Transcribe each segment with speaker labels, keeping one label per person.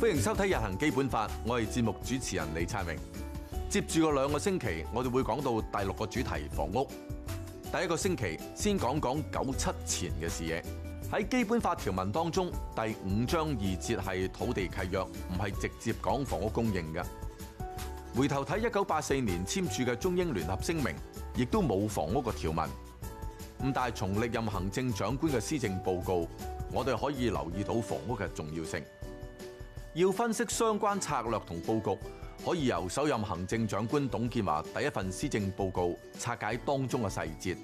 Speaker 1: 歡迎收睇《日行基本法》，我係節目主持人李燦榮。接住個兩個星期，我哋會講到第六個主題房屋。第一個星期先講講九七前嘅事嘢。喺基本法條文當中，第五章二節係土地契約，唔係直接講房屋供應嘅。回頭睇一九八四年簽署嘅中英聯合聲明，亦都冇房屋個條文。咁但係從歷任行政長官嘅施政報告，我哋可以留意到房屋嘅重要性。要分析相關策略同佈局，可以由首任行政長官董建華第一份施政報告拆解當中嘅細節。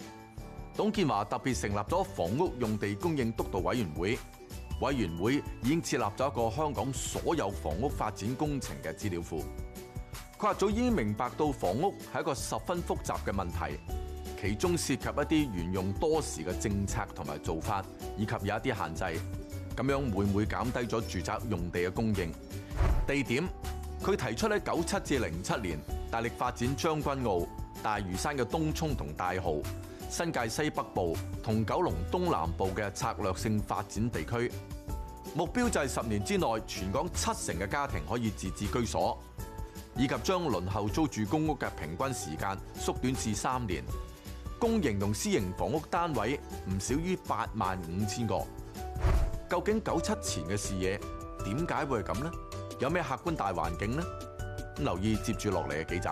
Speaker 1: 董建華特別成立咗房屋用地供應督導委員會，委員會已經設立咗一個香港所有房屋發展工程嘅資料庫。佢話早已經明白到房屋係一個十分複雜嘅問題，其中涉及一啲沿用多時嘅政策同埋做法，以及有一啲限制。咁樣會唔會減低咗住宅用地嘅供應？地點，佢提出喺九七至零七年大力發展將軍澳、大嶼山嘅東涌同大蠔、新界西北部同九龍東南部嘅策略性發展地區。目標就係十年之內全港七成嘅家庭可以自置居所，以及將輪候租住公屋嘅平均時間縮短至三年，公營同私營房屋單位唔少於八萬五千個。究竟九七前嘅視野點解會係咁呢？有咩客觀大環境呢？留意接住落嚟嘅幾集。